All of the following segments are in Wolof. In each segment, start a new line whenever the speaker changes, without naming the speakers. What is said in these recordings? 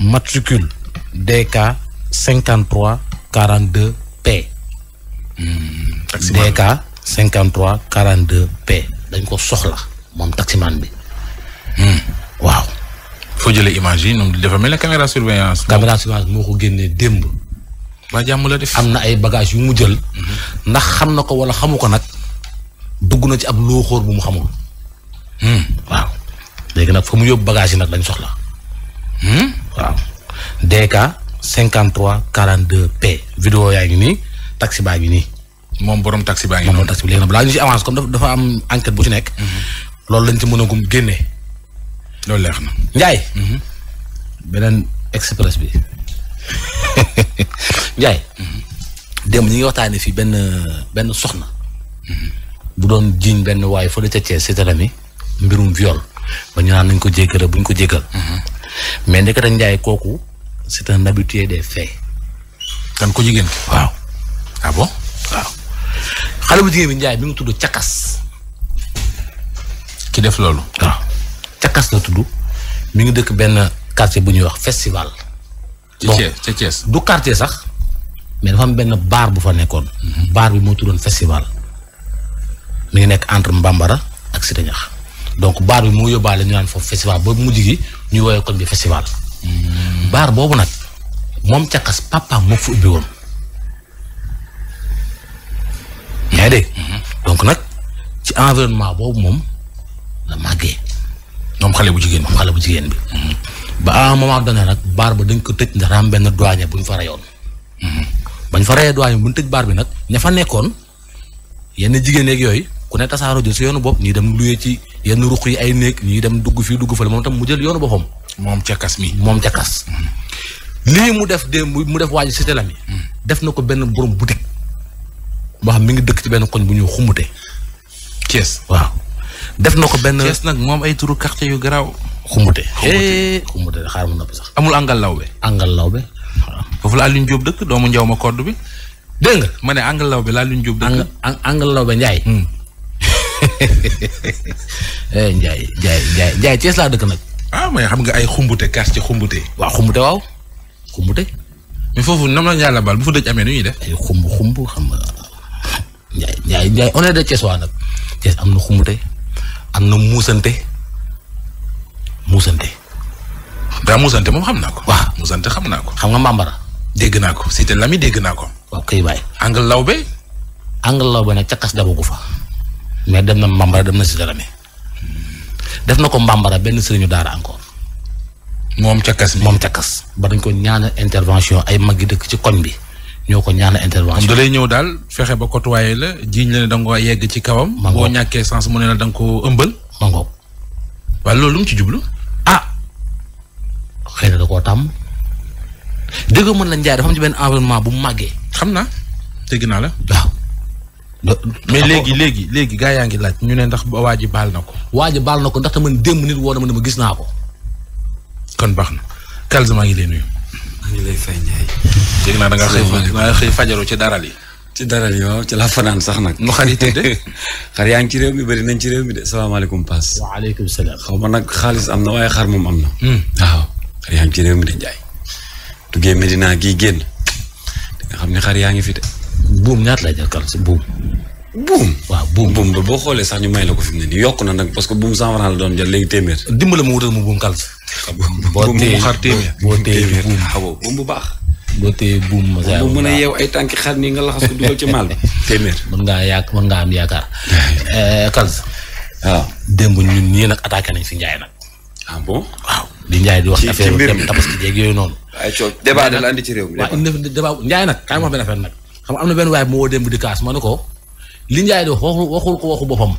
matricule DK 53 42 P. DK 53 42 P dañ ko soxla moom taximaan bi. Hmm. waaw. foo jëlee image yi ñoom dafa mel ne caméra surveillance. caméra surveillance moo ko génnee démb. waa jàmm def am na ay bagages yu mu jël. Mhm. ndax xam na ko wala xamu ko nag dugg na ci ab looxoor bu mu xamul. Hmm. waaw léegi nag fa mu yóbbu bagages yi nag lañ soxla. Hmm. waaw DK 53 42 P. vidéo yaa ngi nii taxi baa ngi nii. moom borom taxi baa ngi moom borom taxi bi léegi nag balaa ñu ci avance comme dafa am enquête bu ci nekk. Mhm. loolu lañ ci mën a gum génne. loolu leex na Ndiaye. Mhm. beneen express bi Ndiaye. Mhm. démb ñi ngi waxtaanee fii benn benn soxna. bu doon jiiñ benn waaye fële ca Thiès Cité Lamy mbirum viol ba ñu naan nañ ko jéggal buñ ko jéggal. mais Ndekete njaay kooku c'est un habitué des faits. kan ko jigéen ki waaw. ah bon waaw. xale bu jigéen bi njaay mi ngi tudd Cakas. ki def loolu. waaw Cakas la tudd mi ngi dëkk benn quartier bu ñuy wax festival. bon du quartier sax. mais dafa benn baar bu fa nekkoon. Mhm. baar bi mu tuddoon festival. mu ngi nekk entre Mbambara ak Cité Niax. donc baar bi moo yóbbaale ñu naan foofu festival ba mujj ñu woowee koñ bi festival. baar boobu nag moom càqas papa moo fa ubbi woon. yaa ngi donc nag ci environnement boobu moom la màggee. moom xale bu jigéen moom xale bu jigéen bi. ba à un moment donné nag baar ba dañ ko tëj ndax am benn doyen bu ñu fa reyoon. bañ fa reyee doyen bu ñu tëj baar bi nag ña fa nekkoon yenn jigéen yeeg yooyu ku ne tasaaroo jël si yoonu bopp ñii dem luyee ci. yenn ruq yi ay néeg ñuy dem dugg fii dugg fële moom tam mu jël yoonu boppam. moom cakkas mi moom cakkas. Mm-hmm. lii mu def de mu def waa ji cité la mm-hmm. def na ko benn borom boutique. boo xam mi ngi dëkk ci benn koñ bu ñu xumute. Thiès waaw. na ko benn nag moom ay turu quartier yu garaw xumute eh. xumute xaar mu napp sax. amul angal lawbe. angal lawbe. waaw foofu la Alioune Diop dëkk doomu njaw ma kodd bi. dégg nga ma ne angal lawbe la Alioune Diop dëkk. angal lawbe Ndiaye. Hmm. njaay eh, Ndiaye Ndiaye Ndiaye laa dëkk nag. ah mais xam nga ay xumbute quartier xumbute. waaw xumbute waaw xumbute. mais foofu nam la yàlla baal bu fa dëj amee nu ñuy def. ay xumb xumb xam nga Ndiaye Ndiaye Ndiaye on est de Thiès waa na xumbute am na muusante muusante. daa moom xam naa ko. waaw musante xam naa ko. xam nga Mbambara. dégg naa ko Cité Lamy dégg naa ko. waaw kay waay. angle lawbe. angle lawbe nag ca kas dabagu fa. mais dem na Mbambara dem na si dara def na ko Mbambara benn sëriñu daara encore. moom cakkas moom cakkas ba dañ ko ñaanal intervention ay mag yi dëkk ci koñ bi ñoo ko ñaanal intervention. da lay ñëw daal fexe ba côtoyé la jiiñ la ne da nga yegg ci kawam. boo ñàkkee sens mu ne la da nga koo ëmbal. ma ngoog. waaye loolu lu mu ci jublu. ah xëy na da koo tàmm. dégg mën la njaay dafa am ci benn environnement bu mu màggee. xam naa dégg naa la mais ah, léegi léegi léegi gaa yaa ngi laaj ñu ne ndax waa ji baal na ko. waa baal na ko ndaxte man démb nit woo na ma ne ma gis naa ko. kon baax na Kalza maa ngi lay nuyu. maa ngi lay fay Ndiaye.
da ngaa xëy da ngaa xëy fajaroo ci daral yi. ci daral yi waaw ci laa fanaan sax nag. nu xar yi tëdd. xar yaa ngi ci réew mi bëri nañ ci réew mi de salaamaaleykum Paas. waaleykum salaam. xaw ma nag xaalis am na waaye xar moom am na. Hmm. waaw xar yaa ngi ci réew mi de Ndiaye. duggee Medina gii génn. nga xam ne xar yaa ngi fi de buum ñaata lay jël kan si buum. buum waaw buum buum boo xoolee sax ñu may la ko fi ne nii yokk na nag parce que buum cent franc la doon jël léegi téeméer. dimbale mu wutal mu buum kàll.
boo téye xar téeméer boo
ah, bu baax. boo téye bu mën a yeew ay tànki xar nii nga laxas ko dugal ci maal
bi mën ngaa yaak mën yaakaar. Eh, kàll. waaw ah. démb ñun nii nag attaqué nañ fi Ndiaye nag. ah waaw. di Ndiaye di wax affaire dem tabaski jeeg yooyu noonu. ay coow débat la andi ci réew mi. waaw débat Ndiaye nag kaay ma wax benn affaire nag xam am na benn waay moo ma dem bu di kaas ma ne ko li njaay di wax waxul ko waxu boppam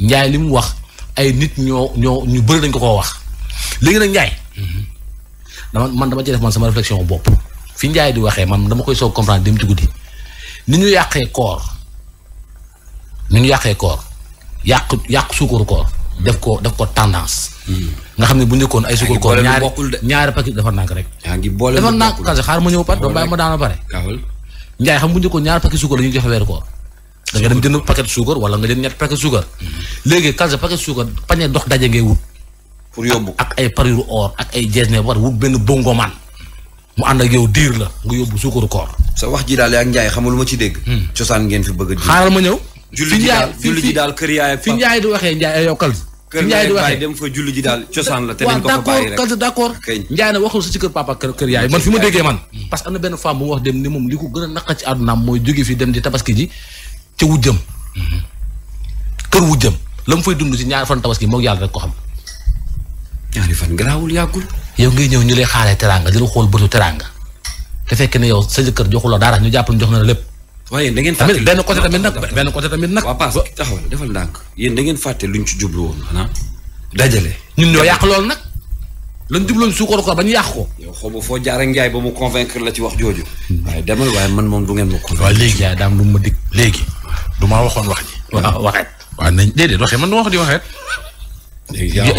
Ndiaye li mu wax ay nit ñoo ñoo ñu bëri dañ ko koo wax léegi nag Ndiaye. dama man dama ci def sama réflexion bopp fi Ndiaye di waxee man dama koy soog comprendre dem ci guddi ni ñu yàqee koor ni ñu yàqee koor yàq yàq suukaru koor. def ko def ko tendance. nga xam ne bu njëkkoon ay suukaru koor ñaari ñaari paquet defar rek. yaa ngi boole lu bokkul defar naa ko ma ñëw pare doo bàyyi ma daan pare. Ndiaye xam bu ñu ko ñaar paquet suukar la ñuy joxe weeru koor da nga dem jënd paquet suukar wala nga jënd ñett paquet suukar léegi kalse paquet suukar pañe dox daje ngay wut pour yóbbu ak ay parure or ak ay jees ne war
wut benn bongomaan mu ànd ak yow diir la nga yóbbu suukaru koor sa wax ji daal ak Ndiaye xamul ma ci dégg hmm. cosaan ngeen fi bëgg a xaaral ma ñëw julli ji daal kër yaay fi Ndiaye
di waxee Ndiaye yow kalse kër yaay di waxee
dem fa julli ji daal cosaan la te dañ ko fa bàyyi rek
d' accord Ndiaye ne waxul sa ci kër papa kër yaay man fi ma déggee man hmm. parce que am na benn femme bu mu wax dem ni moom li ko gën a naqa ci àddunaam mooy jóge fi dem di tabaski ji ca wujjam hmm. kër wujjam la mu fay dund ci ñaari fan tabaski moog yàlla rek ko xam ñaari fan garaawul yàggul yow ngay ñëw ñu lay xaaree teraanga di la xool bëtu teraanga te fekk ne yow sa jëkkër joxu la dara ñu jàpp ne jox na la lépp
waaye da ngeen fàtte benn côté tamit benn côté tamit nag. waaw Paas taxawal defal ndànk. yéen da ngeen fàtte luñ ci jublu woon dajale. ñun ñoo yàq loolu nag. lan jubloon suukaru ko ba ñu yàq ko. yow xaw foo jaar ak ba mu convaincre la ci wax jooju. Hmm. waaye demal waaye man moom du ngeen ma convaincre. waaw léegi yaa daam lu ma dig léegi. du maa waxoon wax ji. waaw waxeet. waaw nañ déedéet waxee man du
ma wax di waxeet.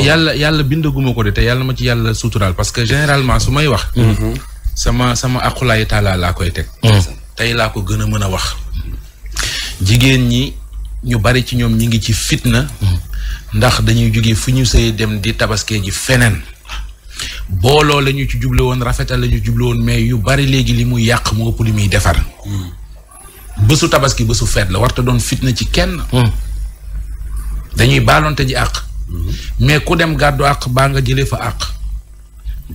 yàlla yàlla bindaguma ko de te yàlla ma ci yàlla suturaal parce que généralement su may wax. Mm-hmm. sama sama aqulaayi taala laa koy teg. tey laa ko gën a mën a wax jigéen ñi ñu bari ci ñoom ñi ngi ci fitna ndax dañuy jóge fu ñu sëy dem di tabaskee ji feneen booloo lañu ci juble woon rafetal la ñu juble woon mais yu bari léegi li muy yàq mu ëpp li muy defar bésu tabaski bésu feet la warta doon fitna ci kenn dañuy baaloonte ji àq mm-hmm. mais ku dem gàddu àq baa nga jëlee fa àq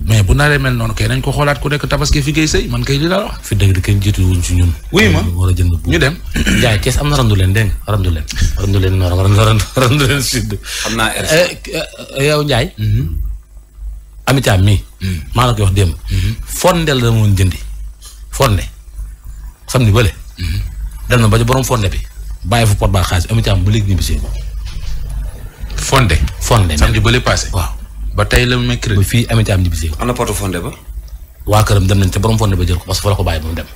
mais bu naree mel noonu kay nañ ko xoolaat ku nekk tabaski fi ngay sëy man kay li la wax. fi dëgg di kenn jiitu wuñ si ñun. wuy ma war a jënd ñu dem. Ndiaye Thiès am na randu leen dégg nga randu leen. randu leen nord randu leen sud. xam naa eh, eh, eh, yow Ndiaye. Mm-hmm. amitiam mii. Mm-hmm. maa la koy wax démb. Mm-hmm. fondel la moon jëndi. fonde xam ni bële. dem na ba ci borom fonde bi bàyyi fu pot baa xaalis amitiam ba léegi ñu bisee bële passé ba tey la mu mercredi. ba fii amati am ñibbisee. ana porte
fondé ba. waa këram dem nañ te borom fondé ba jël ko parce que fa la ko bàyyi ba mu dem.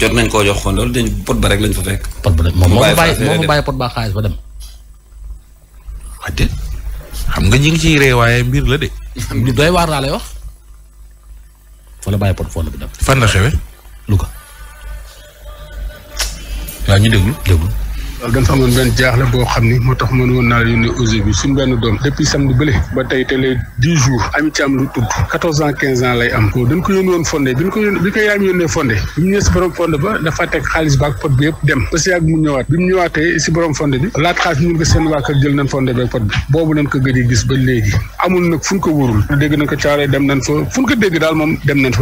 jot nañ koo jox fondé wala dañ pot ba rek lañ fa fekk. pot ba rek moom moo fa
bàyyi pot ba xaalis ba dem.
waa déet xam nga ñi ngi ciy ree waaye mbir la de.
lu doy waar laa lay wax. fa la bàyyi pot fondé bi dem. fan la lu Louga. waaw ñu déglu déglu. loolu fa amoon benn jaaxle boo xam ni moo tax mën woon naa la yónnee audio bi suñ benn doom depuis samedi bële ba tey te les dix jours am ci lu tudd quatorze ans quinze ans ba dafa teg xaalis ba ak pot bi yëpp ko seen waa kër jël ko gëj a gis ba fu ñu ko dégg nañ ko dem nañ fa fu ñu ko dégg daal moom dem nañ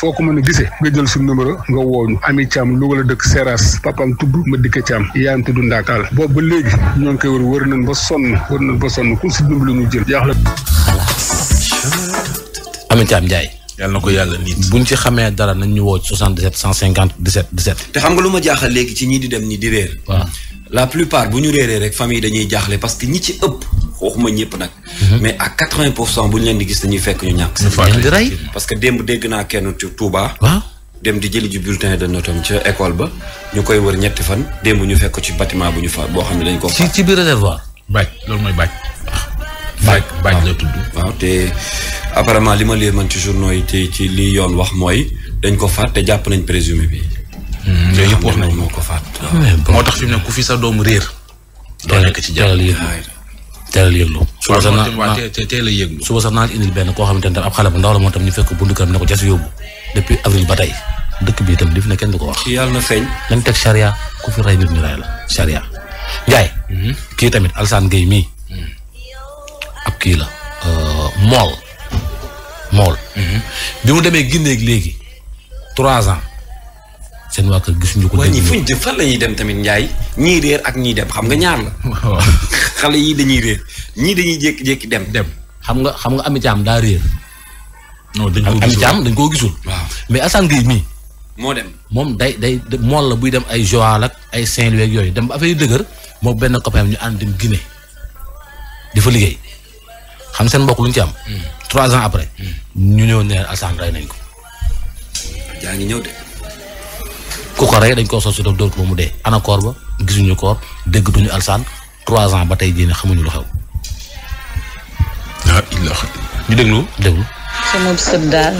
foo ko mën
a gisee nga jël suñ numéro nga wooñu ami càmm Louga la dëkk Seras papam tudd ma dikk Thiam yaayam tudd Ndakal boobu ba léegi ñoo ngi koy wër wër nañ ba sonn wër nañ ba sonn ku si dimbali ñu jël jaaxle.
ko yàlla nit. buñ ci xamee
dara nañ ñu woo ci 77 te xam nga lu ma jaaxal léegi ci ñi di dem ñi di réer. waaw la plupart bu ñu réeree rek famille dañuy jaaxle parce que ñi ci ëpp waxuma ñëpp nag. Mhm. mais à bu ñu leen di gis dañuy fekk ñu ñàkk. ñu parce que démb dégg naa kenn ci dem di jëli ji bulletin de notam ca école ba ñu koy wër ñetti fan démb ñu fekk ci bâtiment bu ñu fa boo xam ne dañ ko ci ci biir réservoir. bàjj loolu mooy bàjj. bàjj bàjj la tudd. waaw te apparemment li ma lee man ci journaux yi te ci li yoon wax mooy dañ ko faat te jàpp nañ présumé bi. Hmm, yooyu yëpp wax nañ moo ko faat. moo tax fi mu ne ku fi sa doom réer. doo nekk ci jàll yi teel a yëglu. suba sax naa
teel a indil benn koo xamante ne tam ab xale bu ndaw la moo tam ñu fekk buntu këram ne ko jas yóbbu depuis avril ba tey dëkk bi itam li fi ne kenn du ko wax. yàlla na feeñ. lañ teg charia ku fi rey nit ñu rey la charia. Ndiaye. Mhm. kii tamit Alsaan Gueye mii. Mhm. ab kii la.
Euh, mool. mool. Mhm. bi mu demee Guinée léegi trois ans. seen waa kër gisuñu ko. dégg fuñ fan la ñuy dem tamit Ndiaye ñii réer ak ñii dem xam nga ñaar la. xale yii dañuy réer ñii dañuy jékki-jékki dem. dem xam nga xam nga Ami Thiam daa réer. non dañ koo gisul dañ koo gisul. waaw mais Assane Gueye mii. moo dem
moom day day mool la buy dem ay Joal ak ay Saint-Louis ak yooyu dem ba affaire yu dëgër moo benn copain ñu ànd dem Guinée di fa liggéey xam seen mbokk lu ci am. Hmm. trois ans après. Hmm. ñu ñëw ne Assane rey nañ ko. ngi ku ko rey dañ koo sos si daf dóor ko ba mu dee ana koor ba gisuñu koor déggatuñu alsaan trois ans ba tey jii xamuñu lu xew. ah il ñu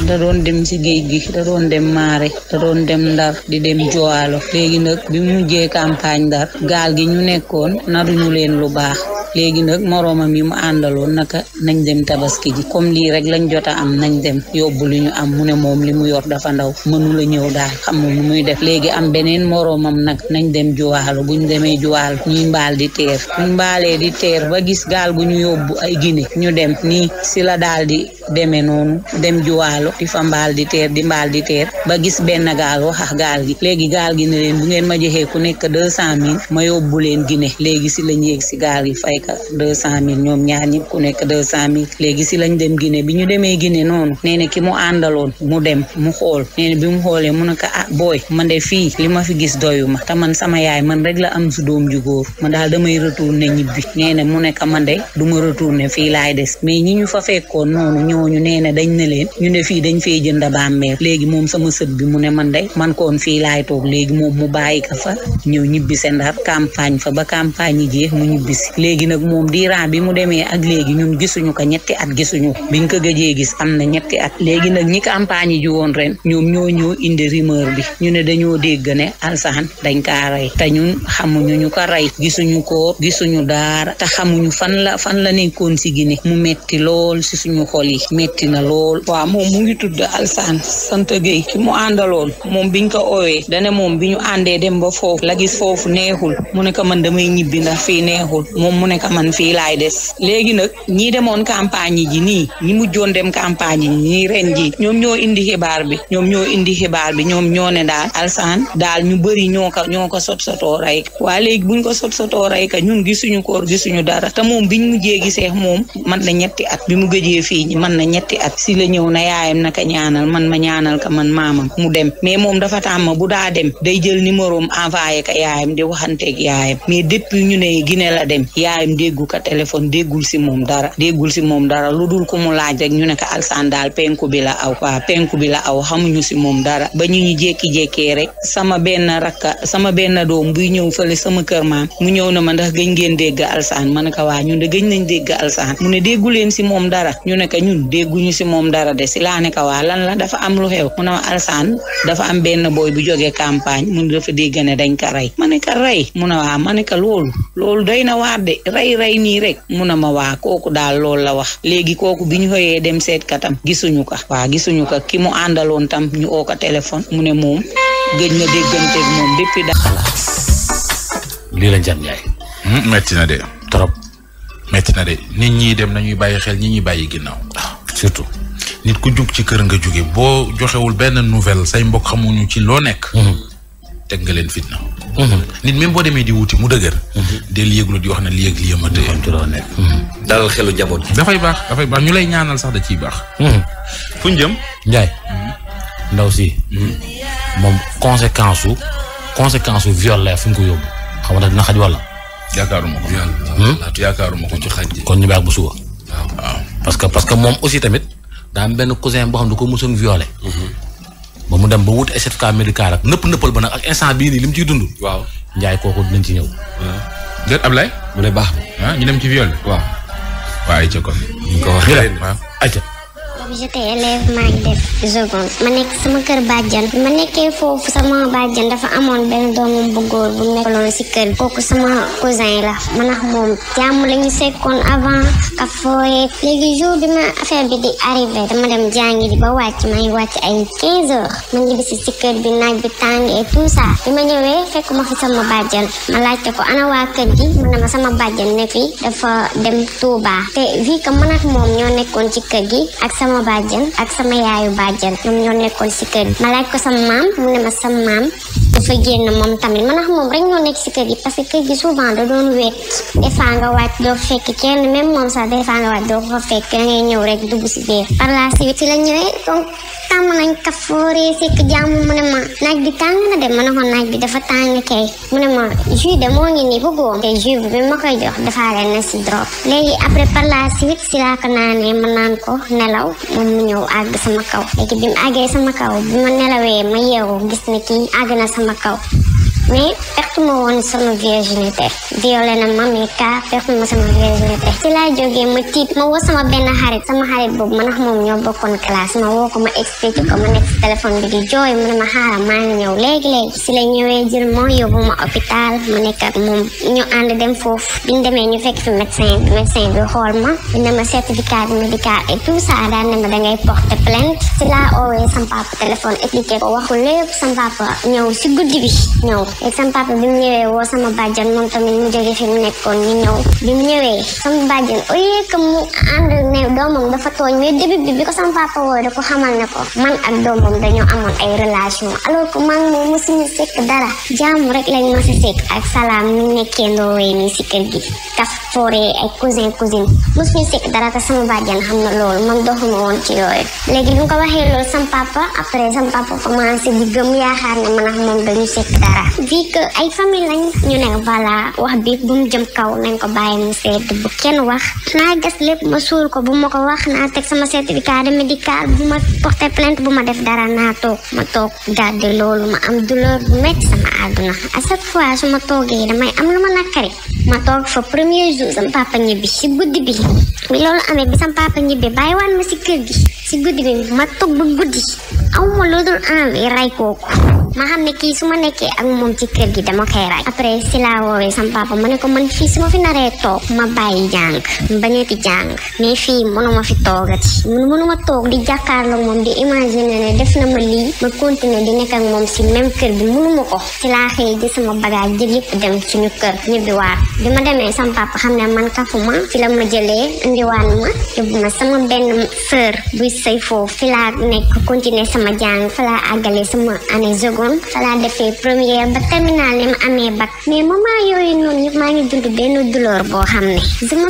da doon dem ci géej gi da doon dem maare da doon dem ndar di dem jowaalo léegi nag bi mu mujjee campagne ndar gaal gi ñu nekkoon naruñu leen lu baax léegi nag moroomam yi mu àndaloon naka nañ dem tabaski ji comme lii rek lañ jot am nañ dem yóbbu lu ñu am mu ne moom li mu yor dafa ndaw mënula ñëw daal xamul nu muy def léegi am beneen moroomam nag nañ dem juwaalu buñ demee juwaalu ñuy mbaal di teer buñ di teer ba gis gaal gu ñu yóbbu ay Guinée ñu dem nii si la daal di demee noonu dem juwaalo di mbaal di teer di mbaal di teer ba gis benn gaal waxax gaal gi léegi gaal gi ne leen bu ngeen ma joxee ku nekk deux cent mille ma léegi si lañ yéeg gaal gi fay Jamaïque deux cent mille ñoom ñaar ñëpp ku nekk deux cent mille léegi si lañ dem Guinée bi ñu demee Guinée noonu nee na ki mu àndaloon mu dem mu xool nee bi mu xoolee mu ne ko ah booy man de fii li ma fi gis doyu ma te man sama yaay man rek la am su doom ju góor man daal damay retourné ñibbi nee na mu ne man de du ma retourné fii laay des mais ñi ñu fa fekkoon noonu ñooñu nee na dañ ne leen ñu ne fii dañ fee jënd bàmmeel léegi moom sama sët bi mu ne man de man koon fii laay toog léegi moom mu bàyyi ko fa ñëw ñibbi se ndar campagne fa ba campagne yi mu ñibbisi léegi nag moom diiran bi mu demee ak léegi ñun gisuñu ko ñetti at gisuñu biñ ko gëjee gis am na ñetti at léegi nag ñi campagne ji woon ren ñoom ñoo ñoo indi rumeur bi ñu ne dañoo dégg ne alsaan dañ kaa rey te ñun xamuñu ñu ko rey gisuñu ko gisuñu daara te xamuñu fan la fan la nekkoon si Gine mu metti lool si suñu xol yi metti na lool waa moom mu ngi tudd alsaan sant Gueye ki mu àndaloon moom biñ ko oowee dane bi ñu àndee dem ba foofu la gis foofu neexul mu ne ko man damay ñibbi que man fii des léegi nag ñi demoon campagne ji nii ñi mujjoon dem campagne yi ñii ren ji ñoom ñoo indi xibaar bi ñoom ñoo indi xibaar bi ñoom ñoo ne daal alsaan daal ñu bëri ñoo ka ñoo ko sot sotoo rey ka waa léegi buñ ko sot sotoo rey ka ñun gisuñu koor suñu dara te moom bi biñ mujjee gisee moom man na ñetti at bi mu gëjee fii ñi man na ñetti at si la ñëw na yaayam naka ñaanal man ma ñaanal ka man maamam mu dem mais moom dafa tàmm bu daa dem day jël numéro am envoyé ka yaayam dem déggu ko téléphone déggul si moom dara déggul si moom dara lu dul ku mu laaj rek ñu ne ko Alsaan daal penku bi la aw waaw penku bi la aw xamuñu si moom dara ba ñu ñu jékki-jékkee rek sama benn rakka sama benn doom buy ñëw fële sama kër maam mu ñëw na ma ndax gëñ ngeen dégg Alsaan ma ne ko waa ñun de gëñ nañ dégg Alsaan mu ne déggu leen si moom dara ñu ne ko ñun dégguñu si moom dara de si laa ne waa lan la dafa am lu xew mu ne ma Alsaan dafa am benn booy bu jógee campagne mu ne dafa dégg ne dañ ka rey ma waa ma ne ko loolu rey rey nii rek mu na ma waa kooku daal loolu la wax léegi kooku bi ñu xëyee dem seet ka tam gisuñu ka waa gisuñu ka ki mu àndaloon tam ñu ko téléphone mu ne moom gëj na dégganteeg moom la
Ndian Ndiaye. Hmm, metti na de. trop metti na de nit ñi dem nañuy bàyyi xel ñi bàyyi ginnaaw. Ah, surtout. nit ku jug ci kër nga jóge boo joxewul benn nouvelle say mbokk xamuñu ci loo nekk. Hmm. teg nga leen fitna. Mhm. nit même boo demee di wuti mu dëgër. Mhm. del yëglu di wax na li ak lii ma tëye. Mhm. dalal xelu njaboot gi. dafay baax dafay baax ñu lay ñaanal sax da ciy baax. fu ñu jëm. Ndiaye. ndaw si. moom conséquence su conséquence wu viol la fu ñu ko yóbbu xam nga dina xaj wala. yaakaaruma ko. Hmm? yaakaaruma ko ci xaj. kon ñu baax bu suba. waaw parce que parce que moom aussi tamit daa benn cousin boo xam du ko mosoon violé. ba mu dem ba wut certificat médical ak nëpp nëppal ba nag ak instant bii nii li mu ciy waaw njaay kooku dinañ ci ñëw. déet Ablaye. mu ne baax na. Ah, ñu dem ci viol. waaw. waaw ayca kon. ñu ko wax ayca.
boobu j'étais élève maa ngi def seconde ma nekk sama kër bàjjan bi ma nekkee foofu sama bàjjan dafa amoon benn doomam bu góor bu nekkaloon si kër kooku sama cousin la man ak moom jàmm la ñu sekkoon avant ka fooyee léegi bi ma affaire bi di arrivé dama dem ba wàcc maa ngi ay 15 heures ma ngi si kër bi naaj bi tàng et tout ça bi ma ñëwee fekk ma fi sama bàjjan ma laajte ko ana waa kër gi mu ne ma sama bàjjan ne fi dafa dem Touba te vi que man ak moom ñoo nekkoon ci kër gi ak sama sama ak sama yaayu bàjjen ñoom ñoo nekkoon si kër gi ma laaj ko sama mu ne ma dafa génn moom tamit man xam moom rek ñoo nekk si kër gi parce que kër gi souvent da doon wéet des fois nga wàcc doo fekk kenn même moom sax des nga wàcc doo fekk da ngay ñëw si biir par la suite la ne ma la suite si laa ko naanee ma naan ko nelaw moom mu ñëw àgg sama kaw léegi bi mu àggee sama kaw bi ma nelawee ma yeewu gis na kii àgg na sama na kaw mais perte ma woon sama virginité violé na ma mais ka perte ma sama virginité ci laa ma tiit ma woo sama benn xarit sama xarit boobu ma nekk si ñëw léegi-léegi la ñëwee jël ma yóbbu ma hôpital nekk moom ñu ànd dem foofu biñ demee ñu fekk fi médecin bi bi xool ma dina ma certificat médical et tout ça ne ma dangay porter plainte si laa oowee sama papa téléphone expliqué ko waxu lépp sama papa ñëw si guddi ñëw léegi sama papa bi mu ñëwee woo sama bàjjan moom tamit mu jógee fi mu nekkoon ñu ñëw bi mu ñëwee sama bàjjan au lieu que mu ànd ne doomam dafa tooñ mais début bi bi ko sama papa wooyu da ko xamal ne ko man ak doomam dañoo amoon ay relation alors que man moom mosuñu sekk dara jaamu rek lañ ma sa sekk ak salaam ñu nekkee ndoowee nii si kër gi kaf foore ay cousin cousine mosuñu sekk dara te sama bàjjan xam na loolu man doxuma woon ci yooyu léegi bi mu ko waxee loolu sama papa après sama papa commencé di gëm yaakaar ne man ak moom dañu sekk dara vu que ay famille lañ ñu ne voilà wax bi bu mu jëm kaw nañ ko bàyyi mu sedd bu kenn wax naa gas lépp ma suul ko bu ma ko wax naa teg sama certificat de médical bu ma porté plainte bu ma def dara naa toog ma toog gàdde loolu ma am douleur bu métti sama àdduna à chaque fois su ma toogee damay am lu ma nàkkari ma toog fa premier jour sama papa ñibbi si guddi bi bi loolu amee bi sama papa ñibbi bàyyiwaan ma si kër gi si guddi bi ma toog ba guddi aw ma loolu envie rey ma xam ne kii su ma nekkee ak moom ci kër gi dama koy raaj après si laa woowee sama papa ma ne ko man fii su ma fi naree toog ma bàyyi jàng bañeeti jàng di jàkkaarloog moom di imaginer ne def na ma lii ma continuer si même bi mënuma ko si laa xëy di sama bagage jël yëpp dem suñu kër ñibbiwaat bi ma demee sama papa xam ne man kafuma fi la ma jëlee indiwaat ma yóbbu ma sama benn sœur buy sëy foofu fi laa nekk continuer sama jàng fi laa àggalee sama année seconde noonu xalaa defee première ba terminale ma amee bac mais moment yooyu noonu yëpp maa ngi dund benn douleur boo xam ne je me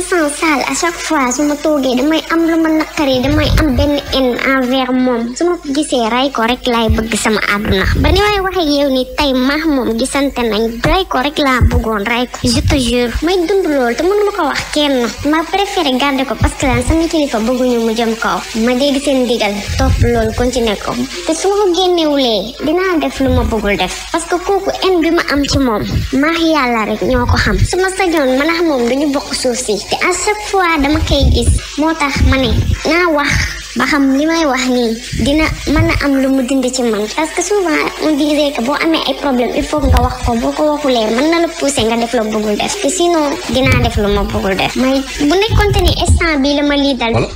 à chaque fois su ma toogee damay am lu ma naqari damay am benn haine envers moom su ma ko gisee ray ko rek laay bëgg sama àdduna ba ni may waxee yow ni tey maax moom gisante nañ ray ko rek laa bëggoon ray ko je te jure may dund loolu te mënuma ko wax kenn ma préféré garder ko parce que lan sama kilifa bëgguñu mu jëm kaw ma dégg seen digal topp loolu lu ma bëggul def parce que kooku en bi ma am ci moom maa yàlla rek ñoo ko xam su ma sañoon man ak moom dañu bokk suuf si te à chaque fois dama koy gis moo tax ma ne naa wax ba xam li may wax nii dina mën a am lu mu dindi ci man parce que souvent on boo amee ay problème il faut nga wax ko boo ko waxulee mën na la pousser nga def la bëggul def te sinon dinaa def lu ma bëggul def may bu nekkoon te ni instant bii la ma lii dal. voilà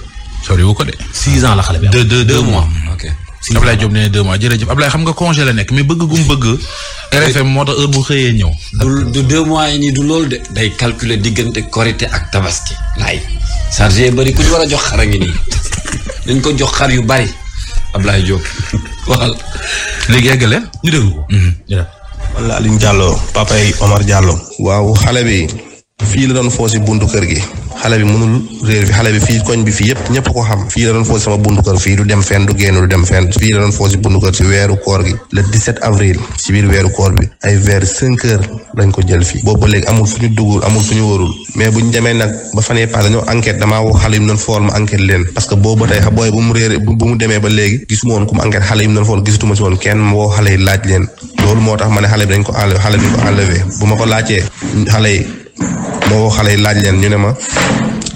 sori wu ko de. six ans la si Ablaye Diop nee na deux mois jërëjëf Ablaye xam
nga congé la nekk mais bëgg mu bëgg. RFM moo tax heure bu xëyee ñëw. du du deux mois yi nii du lool de. day calculer diggante korité ak tabaski. laay chargé bëri ku ñu war a jox xar a ngi nii dañ ko jox xar yu bari Ablaye Diop waxal léegi yeggale ñu déglu ko. man mhm.
la Alioune Diallo papay Omar Diallo. waaw xale bi fii la doon foo si buntu kër gi. xale bi mënul réer fi xale bi fii koñ bi fii yëpp ñëpp ko xam fii la doon foosi sama bundu kër fii du dem fenn du génn du dem fenn fii la doon foosi si weeru koor gi le 17 avril si biir weeru koor bi ay vers cinq heures lañ ko jël fii boobu léegi amul fu ñu dugul amul fu ñu wërul mais bu ñu demee nag ba fanee passé dañoo enquête damaa woo xale yi leen parce que boobu ba tey booy bu mu réer bu mu demee ba léegi gisuma woon ku mu enquête xale yi mu fool gisatuma si woon kenn woo xale yi laaj leen loolu moo tax ma ne xale bi dañ ko enlevé xale bi dañ ko bu ma ko laajee xale yi moo woo xale yi laaj leen ñu ne ma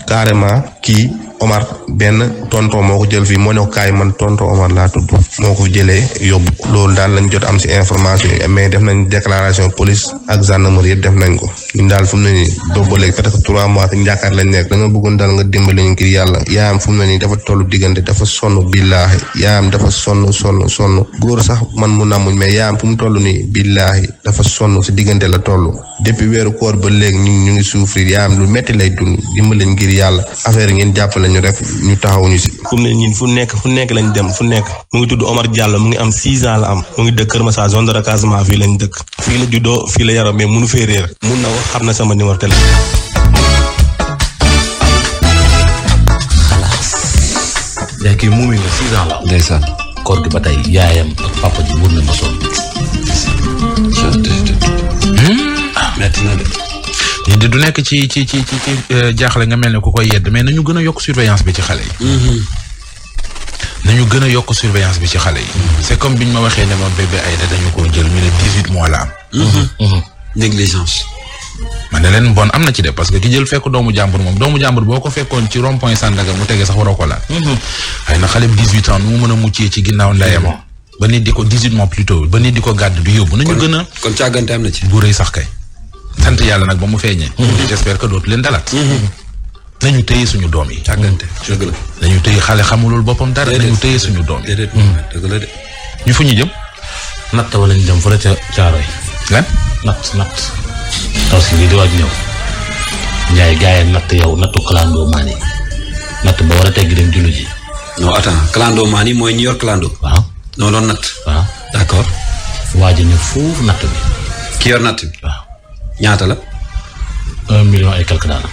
carrément kii Omar benn tonto moo ko jël fii moo ne ko kaay man tonto Omar laa tudd moo ko jëlee yóbbu loolu daal lañ jot am ci information yi mais def nañ déclaration police ak gendarmerie def nañ ko. ñun daal fu mu ne nii doobu ba léegi presque trois mois te njàkkaar lañ nekk danga bëggoon daal nga dimbale ñu ngir yàlla yaayam fu mu ne nii dafa tollu diggante dafa sonn billaahi yaayam dafa sonn man mu namuñ mais yaayam fu mu toll nii billaahi dafa sonn si diggante la toll depuis weeru koor ba léegi ñu ñu ngi souffrir yaayam lu metti lay dund dimbale ñu yàlla affaire yi ngeen jàppale ñu rek ñu ñu si. fu mu ne ñun fu nekk fu nekk lañ dem fu nekk mu ngi tudd Omar Diallo mu ngi am six la am mu ngi dëkk Kër Massar zone de recasement fii lañ dëkk fii la juddoo fii la yaroo mais mënu fee mun na xam na sama numéro téléphone.
xalaas. yaa kii muumi nga six ans la. ndeysaan. koor gi ba tey yaayam papa ji wër na ma sonn. Hmm. Ah, metti du nekk ci ci ci ci ci euh, jaaxle nga mel ne ku koy yedd mais nañu gën a yokk surveillance bi ci xale yi. Mm-hmm. nañu gën a yokk surveillance bi ci xale yi. Mm-hmm. c' est comme biñ ma waxee ne ma bébé Aïda dañu ko jël ñu ne dix huit mois la am. Mm-hmm. négligence. man ne leen mbon am na ci de parce que ki jël fekk doomu jàmbur moom doomu jàmbur boo ko fekkoon ci rond point Sandaga mu tegee sax waroo ko laal. Mhm. na xale bi 18 ans nu mu mën a muccee ci ginnaaw ndeyamo. Mhm. ba nit di ko 18 mois plus ba nit di ko gàdd du yóbbu. nañu gën a kon càggante am na ci. bu rëy sax kay. sant yàlla nag ba mu feeñee. Mhm. j'espère que dootu leen dalaat. nañu téye suñu doom yi. càggante la. nañu téye xale xamulul boppam dara. nañu téye suñu doom yi. déedéet dëgg la de. ñu fu ñu jëm. natt wala ñu dem fële taw si bii di waaj
ñëw Ndiaye gars natt yow nattu clando maani natt ba war a tegg dem jullu ji. non attends clando maani mooy ñu yor clando. waaw noo doon natt. waaw d' accord. waaj a fuuf natt bi. ki yor natt ñaata la. un million et quelque daal.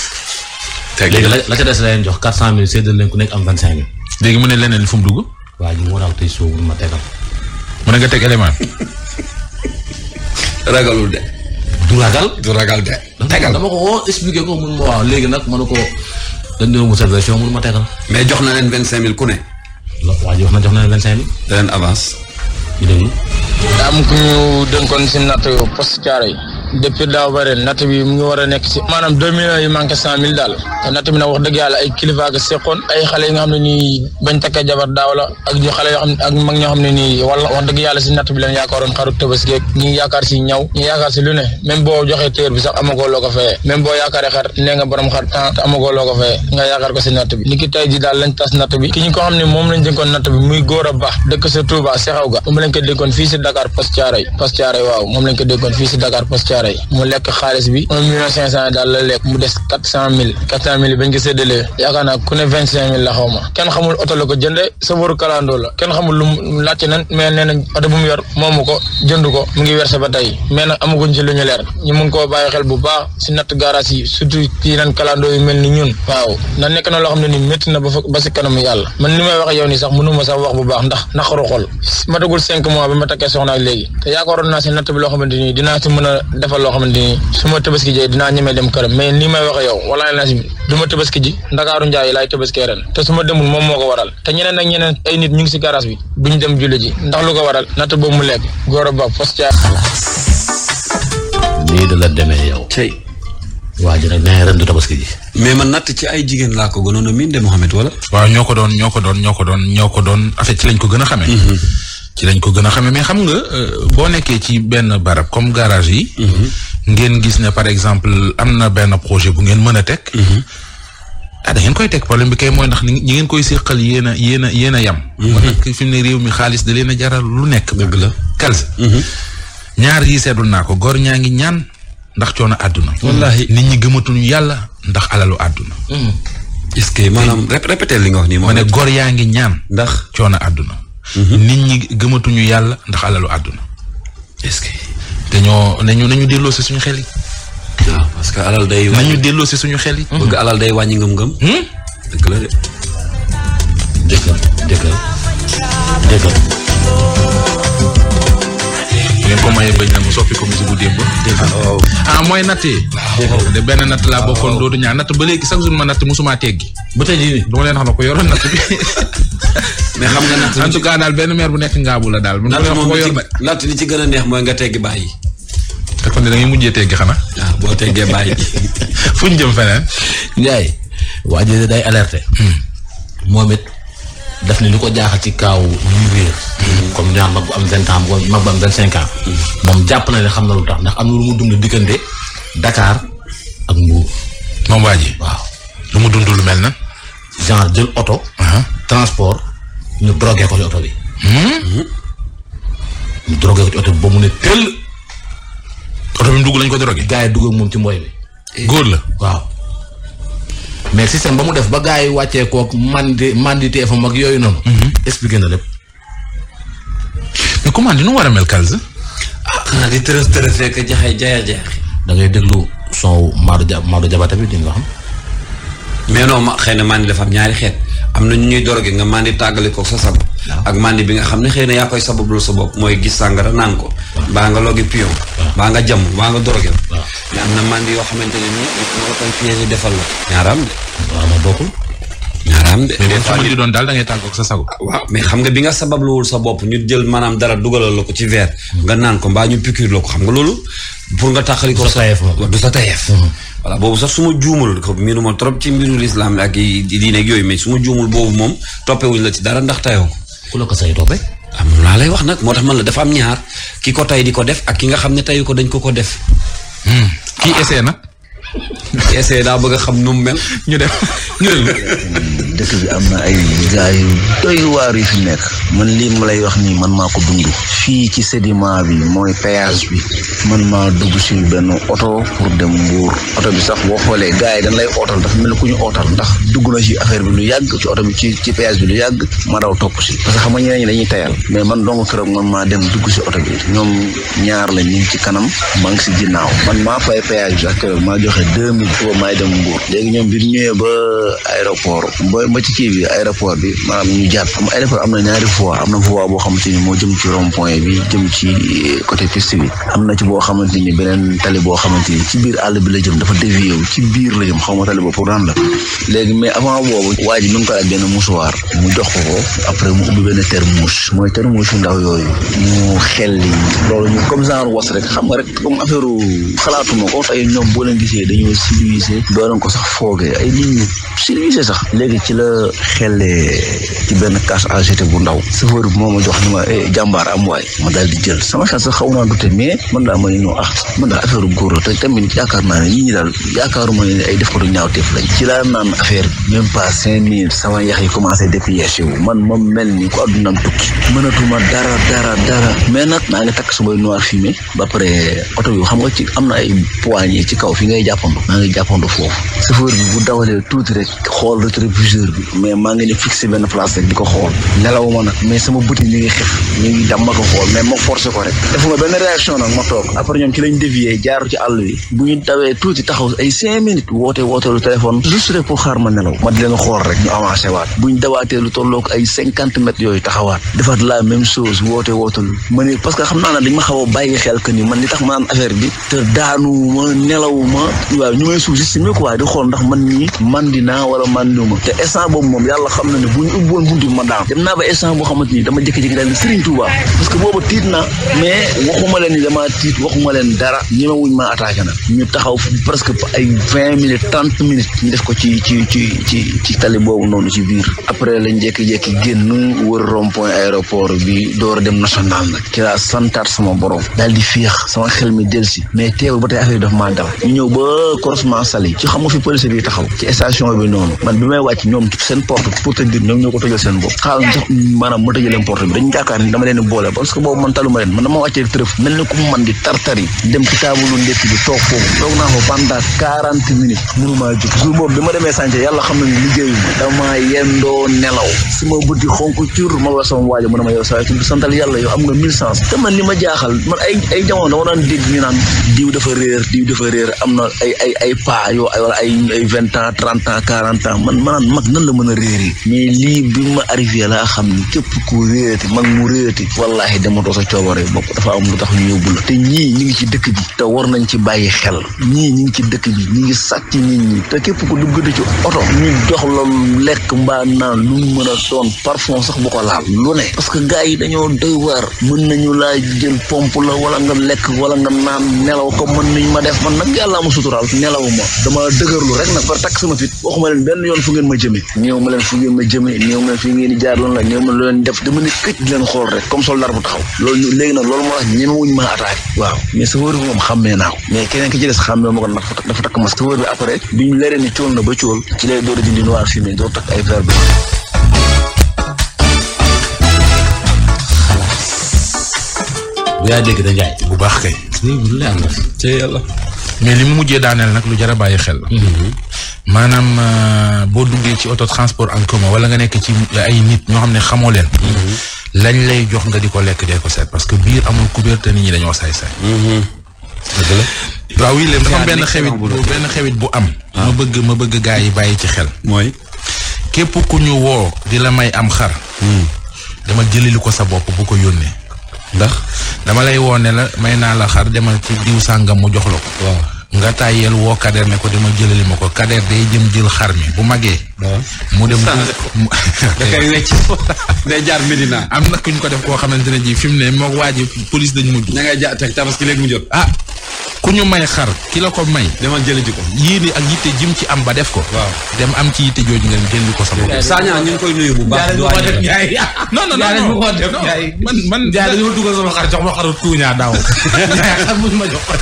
léegi la la ca des la jox quatre
cent mille séddale leen ku nekk am vingt cinq léegi mu ne leneen fu mu dugg. waa ji moo daaw tey soo ma tegal. mu ne nga teg élément. ragalul de. du ragal. du
ragal de. tegal dama ko woo expliqué ko mun ma waaw léegi nag mën na koo dañ doon wut sa version mun ma tegal. mais jox na leen vingt cinq mille ku ne. waa ji wax na jox na leen vingt cinq mille. da leen avance. ñu déglu.
daa am ku ñu dénkoon si natt post carré depuis daaw ba ren natt bi mu ngi war a nekk ci maanaam deux millions yu manqué cent mille daal natt bi nag wax dëgg yàlla ay kilifa ak ay xale yi nga xam ne nii bañ takkee jabar daaw la ak mag ñoo xam ne nii wala wax dëgg yàlla si natt bi leen yaakaaroon xaru si lu ne même boo joxee téer bi sax amagoo loo ko fayee même boo yaakaaree xar nee nga xar temps ah, te amagoo loo ko nga yaakaar ko si natt bi ni ki daal lañ tas natt bi ki ñu ko xam ne moom lañ dénkoon natt bi muy góor caaro yi mu lekk xaalis bi un million cinq cent daal la lekk mu des quatre cent mille quatre cent mille la xaw ma kenn xamul oto ko jënde sabaru kalandoo kenn xamul lu mu laajte nan mais nee na xam ne ni métti na ba si kanamu yàlla man li may wax yow nii sax mënuma sax wax bu baax ndax naqaru xol ma dagul cinq mois ba ma takkee soxna ak léegi te yaakaaroon naa si natt bi loo xamante ni dinaa si mën a defal loo xamante ni su ma tabaski jee dinaa ñemee dem këram mais nii may waxe yow walaay naa si du ma tabaski ji ndakaaru njaay laay tabaski ren te suma ma moom moo ko waral te ñeneen ñeneen ay nit ñu ngi si garage bi ñu dem julli ji ndax lu ko waral natt boobu mu lekk góor a bopp fas caa
nii da la demee yow tey waa ji nag nee ren du tabaski ji
mais ma natt ci ay jigéen laa ko gënoon a miin de Mohamed wala waaw ñoo ko doon ñoo ko doon ñoo ko doon ñoo ko doon en lañ ko gën a xamee mm-hmm. ci lañ
ko gën a xamee mais xam nga euh, boo nekkee ci benn barab comme garage yi. Mhm. ngeen gis ne par exemple am na benn projet bu ngeen mën a teg. Mhm. ah da ngeen koy teg problème bi kay mooy ndax ñi ngeen koy séqal yéen a yéen a yéen a yam. Mhm. moo tax fi ne réew mi xaalis da leen a jaral lu nekk. dëgg la Kals. ñaar yii seetlu naa ko góor ñaa ngi ñaan ndax coono àdduna. wallaahi nit ñi gëmatuñu yàlla ndax alalu àdduna. est-ce que
li nga wax
nii. moo ne góor
yaa ngi ñaan. ndax coono àdduna. Mm-hmm. nit ñi gëmatuñu yàlla ndax alalu àdduna. est-ce que dañoo nañu nañu delloo si suñu xel yi.
parce que alal day. nañu si suñu xel yi. Mm-hmm. bëgg alal day wàññi ngëm-ngëm. Hmm? dëgg la de. dëgg la dëgg la la.
ngeen ko maye ah, mooy natt yi. de benn natt laa bokkoon dootu ñaar natt ba léegi chaque jour ma natt musuma teggi. ba tey jii leen xam ne ko yoroon natt
bi. mais xam na natt
en daal benn maire bu nekk ngaabu la daal.
natt li ci gën a neex mooy nga teggi bàyyi. te kon da ngay mujjee teggi xanaa. Ah, boo teggee bàyyi. fu ñu waa ji day
hmm.
moom it daf ne lu ko jaaxal ci kaaw ñuy wéer. Hmm. comme bu am vingt ans mag hmm. moom jàpp na ne xam na lu tax ndax am lu mu dund diggante Dakar ak Mbour. moom waa ji waaw. lu mu dund lu mel na. genre jël oto. Uh-huh. transport. ñu drogué ko ci oto bi. Hmm? ñu drogué ko ci oto bi ba mu ne tëll. oto dugg lañ ko drogué. gaa yi dugg moom ci mbooy bi. Eh. góor la waaw. mais système ba mu def ba gaa yi wàccee kook mandi mandi teefam ak yooyu noonu. Hmm. expliqué na lépp.
mais comment ni nu war a mel Kalz. ah xanaa di tërës tërës rek jaxay jaaya jaaxi. da ngay déglu son Maodo bi di nga xam. mais non ma xëy na mandi dafa ñaari xeet. am na ñu ñuy doroge nga màndi tàggale ko sa sago ak màndi bi nga xam ne xëy na yaa koy sabablul sa bopp mooy gis sàngara naan ko mbaa nga loogi nga jam mbaa nga doroge mais am na mandi yoo xamante ne defal la ñaaraam de waaw doon daal da ngay tàggoog sa sago mais xam nga bi nga sababluwul sa bopp ñu jël maanaam dara dugalal la ko ci verre hmm. nga naan ko mbaa ñu piqûre la ko xam nga loolu pour nga tàqali ko du sa tayeef voilà boobu sax su ma juumul ko miinu ma trop ci mbiru lislaam ak diine yooyu mais su ma juumul boobu moom toppewuñ la ci dara ndax tayoo ko. la ko say toppe am ah, laa lay wax nag moo tax man la dafa am ñaar ki ko tay di ko def ak ki nga xam ne tayu ko dañ ko ko def.
Hmm. kii essayé nag.
essayé daa bëgg a xam nu mu mel ñu def ñu hmm, dëkk bi am na ay gars yu doy waar yu fi nekk man lii ma lay wax nii man maa ko dund fii ci sédiment bi mooy péage bi man maa dugg si benn oto pour dem Mbour oto bi sax boo xoolee gars yi dañ lay ootal dafa mel ku ñu ootal ndax dugg na ci affaire bi lu yàgg ci oto bi ci ci péage bi lu yàgg ma daw topp si parce que xam nga ñeneen ñi dañuy tayal mais man dong keroog man maa dem dugg si oto bi ñoom ñaar la ñu ci kanam maa ngi si ginnaaw man maa fay péage bi sax keroog maa joxe deux mille foofu may dem Mbour léegi ñoom bi ñëwee ba aéroport ba ba ci kii bi aéroport bi maanaam ñu jàpp am aéroport am na ñaari fois am na fois boo xamante moo jëm ci rond bi jëm ci euh, côté piste bi am na ci boo xamante ni beneen tali boo ci biir àll bi la jëm dafa dévié ci biir la jëm xaw ma pour daan léegi mais avant boobu waa ji mi ngi ko laaj mu jox ko ko après mu ubbi benn termouche mooy termouche ndaw yooyu mu xel li loolu ñu comme genre was rek xam nga fekkee dañoo civilisé doonoon ko sax foogee ay nit ñu civilisé sax léegi ci la xellee ci benn kaas agité bu ndaw chauffeur bi moo ma jox ni ma eh, jàmbaar am waay ma daal di jël sama chance sax xaw naa dute mais man daa ma ne ñoo ah man daa affaire góor la te tamit yaakaar naa ne ñi ñi daal yaakaaruma ne ay def ko du ñaawteef lañ ci laa naan affaire même pas cinq minutes sama yax yi commencé dépiéché wu man ma mel ni ko addunaam tukki mënatuma dara dara dara mais nag naa ngi takk samay noir fumé ba pare oto bi xam nga ci am na ay poignée ci kaw fi ngay jàppandu maa ngi jàppandu foofu chauffeur bi bu dawalee tuuti rek xool rek di ko xool nelaw nag mais sama bët yi ngi xef ñu ngi dam ko xool mais ma forcé ko rek defuma benn réaction nag ma toog lu ma ne parce que xam naa ne dañ ma xaw bàyyi xel que ni man li tax ma naan affaire bi te daanu ma waaw ñu ngay sous-estimer quoi di xool ndax man nii man dinaa wala man lu ma te instant boobu moom yàlla xam na ne bu ñu ubboon buntu bi ma daan dem naa ba instant boo xamante ni dama jékki-jékki daal ni na waxuma leen ni damaa tiit waxuma dara ñemewuñ ma attaqué na ñu taxaw presque ay vingt minutes trente minutes ñu def ko ci ci ci ci ci tali boobu noonu ci biir après lañ jékki-jékki génn wër rond-point aéroport bi door dem national nag ci laa santaat sama borom daal di féex sama xel mi si mais teewul ba te affaire yi daf maa dal ñu ñëw croisement Saly ci xam fi police bi taxaw ci station bi noonu man bi may wàcc ñoom seen porte pour te dire ñoom ñoo ko tëjal seen bopp xaaral sax ma tëjal leen porte bi dañu yaakaar ni dama yendoo nelaw su ma buddi xonk cur ma wa sama waajo mu ne ma yow saa ci te man li ma jaaxal man ay ay jamono dama daan dégg ñu naan diw dafa réer diw dafa réer am na ay ay ay paa yoo ay wala ay ay vingt ans trent ans quarante ans man maanaam mag nan la mën a réer mais lii bi ma arrivé laa xam ni képp ku réerati mag mu réerati wallaahi dematoo sa coobare bopp dafa am lu tax ñu yóbbu la te ñii ñu ngi ci dëkk bi te war nañ ci bàyyi xel ñii ñi ngi ci dëkk bi ñi ngi sàcc nit ñi te képp ku duggati ci oto ñu jox la lekk mbaa naan lu mu mën a doon parfum sax bu ko laal lu ne parce que gars yi dañoo doy waar mën nañu laa jël pompe la wala nga lekk wala nga naan nelaw ko mën nañ ma def man sutural nelawuma dama dëgërlu rek nag par takk sama fit waxuma leen benn yoon fu ngeen ma jëmee néew ma leen fu ngeen ma jëmee néew ma leen fi ngeen di jaar loolu la néew ma leen def dama ne këcc di leen xool rek comme soldat bu taxaw loolu léegi nag loolu moo tax ñemewuñ ma attaqué waaw mais safóor bi moom xàmmee naa ko mais keneen ki ci des xàmmee ma ko ndax dafa takk masque safóor bi après bi ñu leeree ni cool na ba cool ci lay door a dindi noir fumé door takk ay verre bu
yaa dégg da njaay bu baax kay. lii bu leer na. te yàlla. mais li mu mujjee daaneel nag lu jar a bàyyi xel la. Mhm. maanaam euh, boo duggee ci auto transport en commun wala nga nekk ci ay nit ñoo xam ne xamoo leen. Mhm. lañ lay jox nga di ko lekk dee ko seet parce que biir amul couvert te nit ñi dañoo saay-saay. Mhm. dëgg la. waaw oui dafa am benn xewit bu am. Ah. ma bëgg ma bëgg gaa yi bàyyi ci xel. mooy. képp ku ñu woo di la may am xar. Hmm. dama jëlili ko sa bopp bu ko yónnee. ndax dama lay woo ne la may naa la xar demal ci diw sàngam mu jox la ko. waaw nga tàyyeel woo kader ne ko dama jëlali ma ko kader day jëm jël xar mi bu magee. mu dem mu da koy wecc day jaar Medina. am na ku ñu ko def koo xamante ne ji fi mu ne moo waa ji police dañ mujj. ña ngay ja teg tabaski léegi mu jot. ah ku ñu may xar ki ko may. demal jëli ji ko. yéene ak yitte jim ci am ba def ko. waaw dem am ci yitte jooju ngeen ko sa bopp. Saña ñu ngi koy nuyu bu baax. non non non man man. jaay dañu ma sama xar jox ma xaru tuuñaa daaw. jaay xar ma jox ko.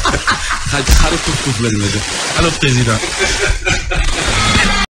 xaru tuuf tuuf lañ ma jox. allo président.